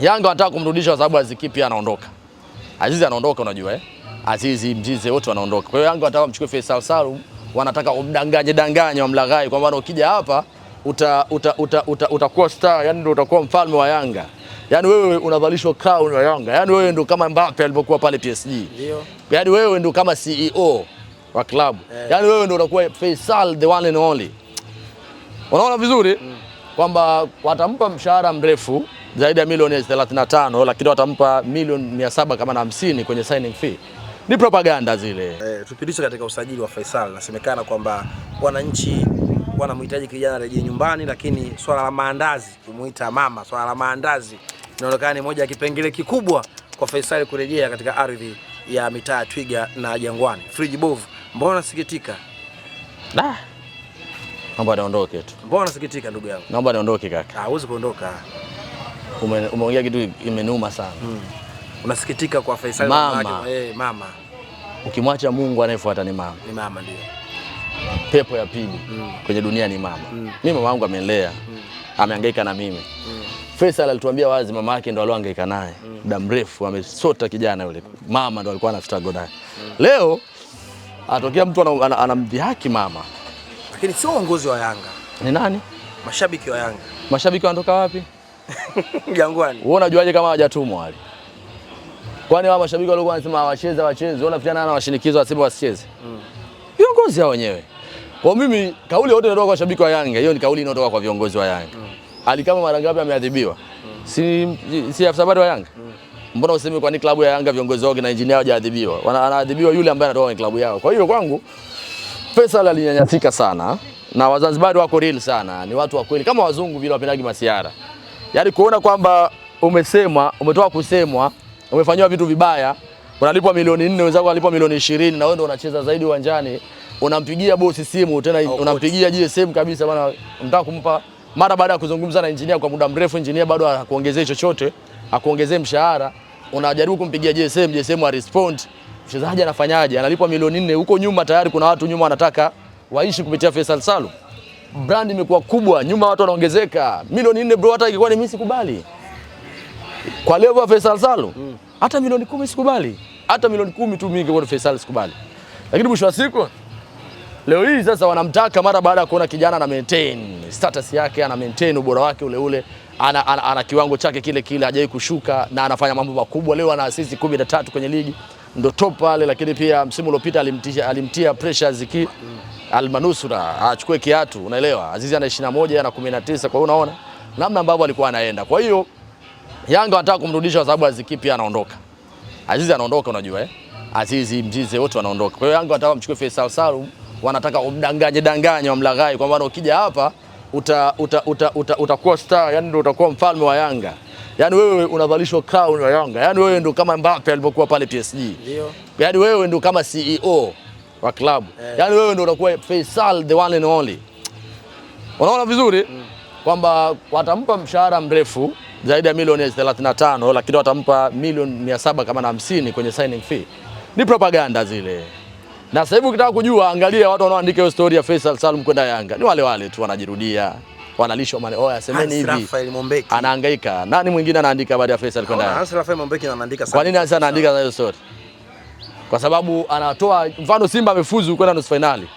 Yanga wanataka kumrudisha kwa sababu Aziz pia anaondoka. Aziz anaondoka unajua eh? Aziz mzizi wote wanaondoka. Kwa hiyo Yanga wanataka mchukue Faisal Salum, wanataka kumdanganye danganye wamlaghai kwamba ukija hapa uta, uta, uta, uta, uta kuwa star, yani ndio utakuwa mfalme wa Yanga. Yaani wewe unavalishwa crown ya Yanga. Yaani wewe ndio kama Mbappe alipokuwa pale PSG. Ndio. Yaani wewe ndio kama CEO wa klabu. Eh. Yaani wewe ndio unakuwa Faisal the one and only. Unaona vizuri? Mm. Kwamba watampa mshahara mrefu zaidi ya milioni 35 lakini watampa milioni 700 kama na 50 kwenye signing fee. Ni propaganda zile. E, eh, tupitishe katika usajili wa Faisal. Nasemekana kwamba wananchi wanamhitaji kijana rejee nyumbani, lakini swala la maandazi, kumuita mama, swala la maandazi inaonekana ni moja ya kipengele kikubwa kwa Faisal kurejea katika ardhi ya mitaa Twiga na Jangwani. Friji Bovu, mbona nasikitika? Nah. Naomba niondoke tu. Mbona nasikitika ndugu yangu? Naomba niondoke kaka. Ah, huwezi kuondoka umeongea kitu imenuma sana mm. Unasikitika kwa Faisal mama, hey, mama. Ukimwacha Mungu anayefuata ni mama, ni mama ndio pepo ya pili mm. kwenye dunia ni mama mm. Mimi mama wangu amenilea mm. ameangaika na mimi mm. Faisal alituambia wazi mama yake ndo alioangaika naye hmm. muda mm. mrefu, amesota kijana yule mm. mama ndo alikuwa anastruggle naye mm. Leo atokea mtu anamdhihaki mama, lakini sio uongozi wa Yanga. Ni nani? Mashabiki wa Yanga. Mashabiki wanatoka wapi? Jangwani. Wewe unajuaje kama hawajatumwa wale? Kwani wao mashabiki walikuwa wanasema hawacheze hawacheze, wanafikiana na washinikizo wasema wasicheze. Mm. Viongozi hao wenyewe. Kwa mimi kauli yote inatoka kwa washabiki wa Yanga, hiyo ni kauli inayotoka kwa viongozi wa Yanga. Mm. Ali kama mara ngapi ameadhibiwa? Mm. Si si afisa habari wa Yanga. Mm. Mbona useme kwa ni klabu ya Yanga viongozi wao na injinia hawajaadhibiwa? Wanaadhibiwa yule ambaye anatoka kwenye klabu yao. Kwa hiyo kwangu Faisal alinyanyasika sana na Wazanzibari wako real sana, ni watu wa kweli kama wazungu vile wapendagi masiara. Yaani kuona kwamba umesemwa, umetoka kusemwa, umefanyiwa vitu vibaya, unalipwa milioni nne, wenzako wanalipwa milioni ishirini na wewe ndio unacheza zaidi uwanjani, unampigia bosi simu tena oh, unampigia GSM kabisa bwana, unataka kumpa mara baada ya kuzungumza na engineer kwa muda mrefu, engineer bado hakuongezee chochote, hakuongezee mshahara, unajaribu kumpigia GSM, GSM ha respond. Mchezaji anafanyaje? Analipwa milioni nne. Huko nyuma tayari kuna watu nyuma wanataka waishi kupitia Faisal Salum brand imekuwa kubwa, nyuma watu wanaongezeka. Milioni nne bro, hata ingekuwa ni mimi sikubali. Kwa level ya Faisal Salu mm. hata milioni kumi sikubali, hata milioni kumi tu mimi ingekuwa ni Faisal sikubali, lakini mwisho wa siku leo hii sasa wanamtaka mara baada ya kuona kijana ana maintain status yake, ana maintain ubora wake ule ule, ana, ana, ana kiwango chake kile kile, hajawahi kushuka na anafanya mambo makubwa. Leo ana assist 13 kwenye ligi, ndo top pale, lakini pia msimu uliopita alimtia, alimtia pressure Ziki almanusura achukue kiatu, unaelewa. Azizi ana 21 ana 19, kwa hiyo unaona namna ambavyo alikuwa anaenda. Kwa hiyo Yanga wanataka kumrudisha kwa sababu Aziki pia anaondoka, Azizi anaondoka, unajua eh, Azizi mzizi wote wanaondoka. Kwa hiyo Yanga wanataka mchukue Faisal Salum, wanataka kumdanganye danganye, wamlaghai kwamba ukija hapa uta, uta, uta, uta, utakuwa star, yani ndio utakuwa mfalme wa Yanga, yani wewe unavalishwa crown ya Yanga, yani wewe ndio kama Mbappe alipokuwa pale PSG, ndio yani wewe ndio kama CEO wa klabu yeah. Yani wewe ndio unakuwa Faisal the one and only, unaona vizuri mm. kwamba watampa mshahara mrefu zaidi ya milioni 35 lakini watampa milioni 700 kama na 50 kwenye signing fee. Ni propaganda zile. Na sasa hivi ukitaka kujua, angalia watu wanaoandika hiyo story ya Faisal Salum kwenda Yanga ni wale wale tu, wanajirudia wanalishwa mali. Oh, asemeni hivi, Rafael Mombeki. anahangaika. Nani mwingine anaandika baada ya Faisal kwenda Yanga? Kwa nini sasa anaandika hiyo story? kwa sababu anatoa mfano, Simba amefuzu kwenda nusu finali.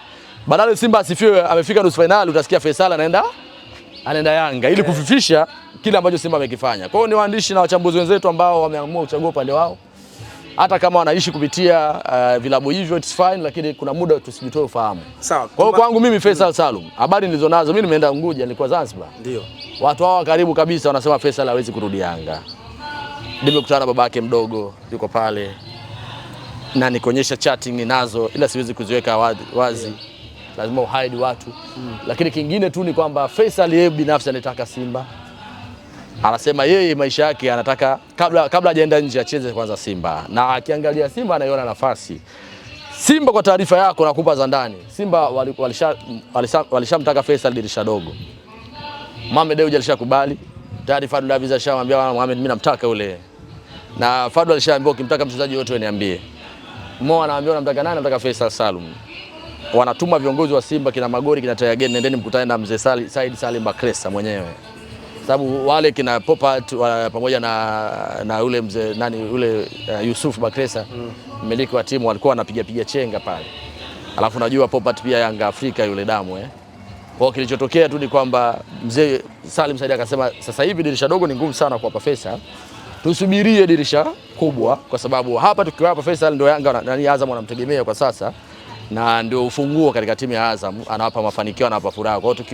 badala Simba asifiwe amefika nusu finali, utasikia Faisal anaenda anaenda Yanga ili eh. kufifisha kile ambacho Simba amekifanya. Kwa hiyo ni waandishi na wachambuzi wenzetu ambao wameamua kuchagua upande wao, hata kama wanaishi kupitia uh, vilabu hivyo it's fine, lakini kuna muda tusijitoe ufahamu. Sawa. Kwa hiyo kwangu mimi Faisal Salum, habari nilizonazo mimi, nimeenda Unguja, nilikuwa Zanzibar. Ndio. Watu hao karibu kabisa wanasema Faisal hawezi kurudi Yanga. Nimekutana na babake mdogo, yuko pale na nikuonyesha chatting ninazo, ila siwezi kuziweka wazi yeah. Lazima uhide watu mm. Lakini kingine tu ni kwamba Faisal yeye binafsi anataka Simba, anasema yeye maisha yake anataka kabla kabla hajaenda nje acheze kwanza Simba, na akiangalia Simba anaiona nafasi Simba. Kwa taarifa yako nakupa za ndani, Simba walishamtaka walisha Faisal dirisha dogo, Mohamed Dewji alishakubali tayari. Fadlu Davids alishamwambia Mohamed, mimi namtaka yule, na Fadlu alishaambiwa ukimtaka mchezaji yote niambie. Mo anaambia anamtaka nani? Anataka Faisal Salum. Wanatuma viongozi wa Simba kina Magori kina Tayageni, nendeni mkutane na mzee Sali, Said Salim Bakresa mwenyewe, sababu wale kina Popat uh, pamoja na na ule mzee nani ule uh, Yusuf Bakresa mm. mmiliki mm. wa timu walikuwa wanapiga piga chenga pale, alafu najua Popat pia Yanga Afrika yule damu eh. Kwa kilichotokea tu ni kwamba mzee Salim Said akasema sasa hivi dirisha dogo ni ngumu sana kwa pesa tusubirie dirisha kubwa, kwa sababu hapa tukiwapa Faisal ndio Yanga na Azam wanamtegemea kwa sasa na ndio ufunguo katika timu ya Azam, anawapa mafanikio, anawapa furaha. Kwa hiyo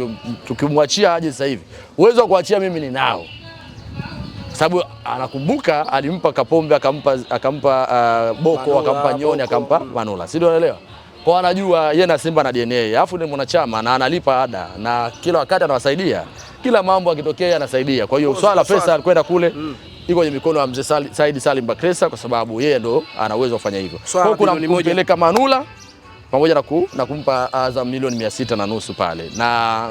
tukimwachia aje sasa hivi, uwezo wa kuachia mimi ninao, kwa sababu anakumbuka alimpa Kapombe, akampa akampa uh, Boko Manula, akampa Nyoni, akampa Manula, si ndio? Unaelewa, kwa anajua yeye na Simba na DNA, alafu ni mwanachama na analipa ada na kila wakati anawasaidia, kila mambo akitokea anasaidia. Kwa hiyo swala pesa alikwenda kule mm iko kwenye mikono ya mzee Said Salim, Bakresa kwa sababu yeye ndo ana uwezo wa kufanya hivyo. Kwa kuna mpeleka Manula pamoja na, ku, na kumpa Azam milioni mia sita na nusu pale na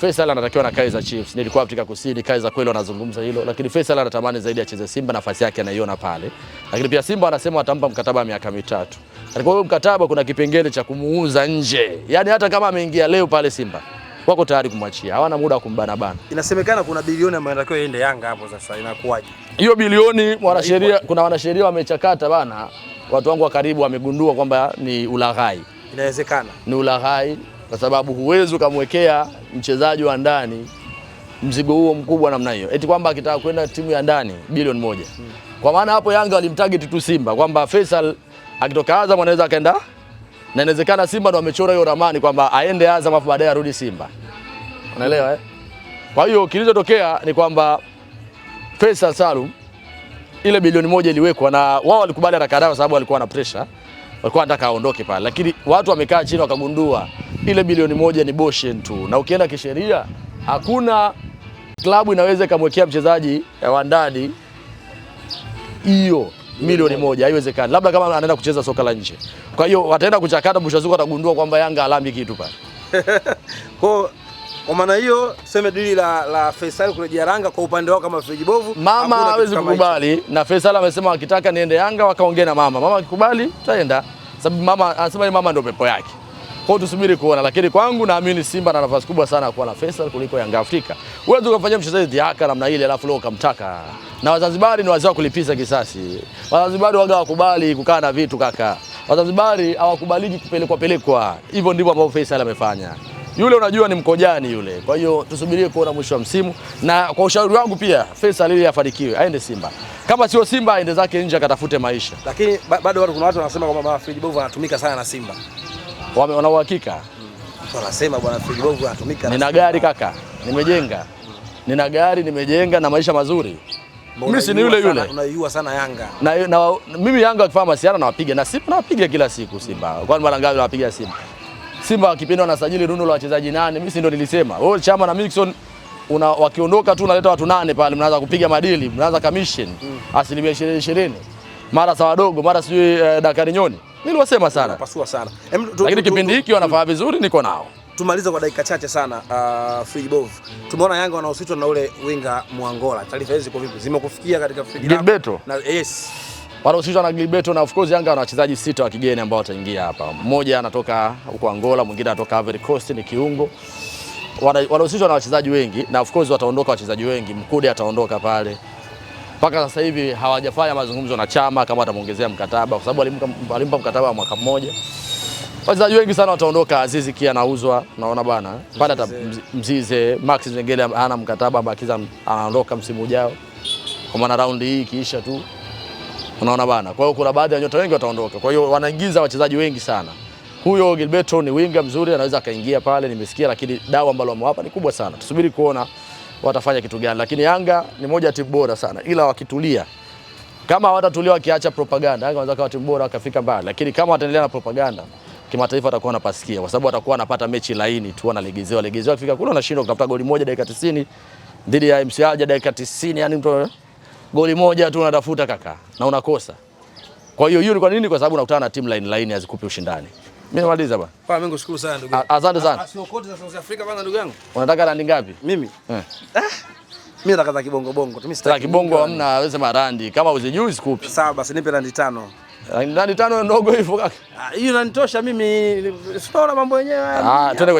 Faisal anatakiwa na Kaizer Chiefs. Nilikuwa Afrika Kusini, Kaizer kweli wanazungumza hilo, lakini Faisal anatamani zaidi acheze Simba, nafasi yake anaiona pale. Lakini pia Simba wanasema watampa mkataba wa miaka mitatu. Kwa hiyo mkataba kuna kipengele cha kumuuza nje, yaani hata kama ameingia leo pale Simba wako tayari kumwachia, hawana muda wa kumbanabana. Inasemekana kuna bilioni ambayo inatakiwa iende Yanga hapo, sasa inakuwaje hiyo bilioni? Wanasheria, kuna wanasheria wamechakata bana, watu wangu wa karibu wamegundua kwamba ni ulaghai. Inawezekana ni ulaghai kwa sababu huwezi ukamwekea mchezaji wa ndani mzigo huo mkubwa namna hiyo, eti kwamba akitaka kwenda timu ya ndani bilioni moja. Hmm. Kwa maana hapo Yanga walimtarget tu Simba kwamba Faisal akitoka Azam anaweza akaenda na inawezekana Simba ndo wamechora hiyo ramani kwamba aende Azam afu baadaye arudi Simba, unaelewa eh? Kwa hiyo kilichotokea ni kwamba Faisal Salum ile bilioni moja iliwekwa na wao walikubali haraka haraka, sababu walikuwa na pressure, walikuwa wanataka aondoke pale, lakini watu wamekaa chini wakagundua ile bilioni moja ni boshen tu, na ukienda kisheria hakuna klabu inaweza ikamwekea mchezaji wa ndani hiyo milioni moja, haiwezekani, labda kama anaenda kucheza soka la nje. Kwa hiyo wataenda kuchakata, mwisho wa siku atagundua kwamba Yanga alambi kitu pale. Kwa kwa maana hiyo seme dili la, la Faisal kurejea Yanga kwa upande wao kama Fejibovu mama hawezi kukubali, na Faisal amesema wakitaka niende Yanga wakaongea na mama, mama akikubali tutaenda, sababu mama anasema mama ndio pepo yake hiyo tusubiri kuona, lakini kwangu naamini Simba na nafasi kubwa sana kuwa na Faisal kuliko Yanga Afrika. Huwezi ukafanyia mchezaji dhihaka namna ile alafu leo ukamtaka. Na Wazanzibari ni wazao kulipiza kisasi. Wazanzibari waga wakubali kukaa na vitu kaka. Wazanzibari hawakubaliki kupelekwa pelekwa. Hivyo ndivyo ambavyo Faisal amefanya. Yule unajua ni mkojani yule. Kwa hiyo tusubirie kuona mwisho wa msimu, na kwa ushauri wangu pia Faisal ili afanikiwe aende Simba, kama sio Simba aende zake nje akatafute maisha. Lakini bado watu kuna watu wanasema kwamba Friji Bovu anatumika sana na Simba wana uhakika wanasema bwana Filibovu anatumika. Nina gari kaka, nimejenga, nina gari nimejenga na maisha mazuri. Mimi si ni yule yule. Unaijua sana Yanga. Na, na na mimi Yanga akifanya masiara nawapiga na Simba nawapiga kila siku Simba. Kwani mara ngapi nawapiga Simba? Simba wakipenda wanasajili rundo la wachezaji nane. Mimi si ndo nilisema. Wewe Chama na Milson una wakiondoka tu unaleta watu nane pale mnaanza kupiga madili, mnaanza commission mm. asilimia 20 20. Mara sawa dogo, mara sijui uh, eh, dakari nyoni niliwasema sana, pasua sana, lakini kipindi hiki wanafaa vizuri, niko nao. Tumaliza kwa dakika chache sana. Uh, Frigibov, tumeona Yanga wanahusishwa na ule winga Mwangola, taarifa hizi ziko vipi? Zimekufikia katika Gilberto? Na yes wanahusishwa na Gilberto na of course Yanga wana wachezaji sita wa kigeni ambao wataingia hapa. Mmoja anatoka huko Angola, mwingine anatoka Ivory Coast ni kiungo. Wanahusishwa na wachezaji wengi na of course wataondoka wachezaji wengi. Mkude ataondoka pale mpaka sasa hivi hawajafanya mazungumzo na chama kama watamwongezea mkataba, kwa sababu alimpa mkataba wa mwaka mmoja. Wachezaji wengi sana wataondoka. Azizi kia anauzwa, unaona bana pale, hata Mzize Max Zengele hana mkataba, bakiza anaondoka msimu ujao, kwa maana raundi hii ikiisha tu, unaona bana. Kwa hiyo kuna baadhi ya nyota wengi wataondoka, kwa hiyo wanaingiza wachezaji wengi sana. Huyo Gilberto ni winga mzuri, anaweza akaingia pale, nimesikia, lakini dau ambalo wamewapa ni kubwa sana, tusubiri kuona watafanya kitu gani, lakini Yanga ni moja timu bora sana, ila wakitulia kama watatulia wakiacha propaganda, Yanga wanaweza kuwa timu bora wakafika mbali, lakini kama wataendelea na propaganda kimataifa atakuwa anapasikia, kwa sababu watakuwa anapata mechi laini tu, analegezewa legezewa, akifika kule anashindwa kutafuta goli moja dakika 90 dhidi ya MC Alger dakika 90, yani mtu goli moja tu unatafuta kaka na unakosa. Kwa hiyo hiyo ni kwa nini? Kwa sababu unakutana na timu laini laini hazikupi ushindani. Ah, mimi namaliza bwana. Bwana mimi nakushukuru sana ndugu. Ah, asante sana. Ah, Sio kote za South Africa bwana ndugu yangu. Unataka randi ngapi? Mimi. Eh. Mimi nataka za kibongo bongo. Mimi sitaki Za kibongo hamna, wewe sema randi. Kama uzijui sikupi. Sawa basi nipe randi tano. Randi tano ndogo hivyo kaka. Hiyo inanitosha mimi. Sitaona mambo yenyewe. Ah, twende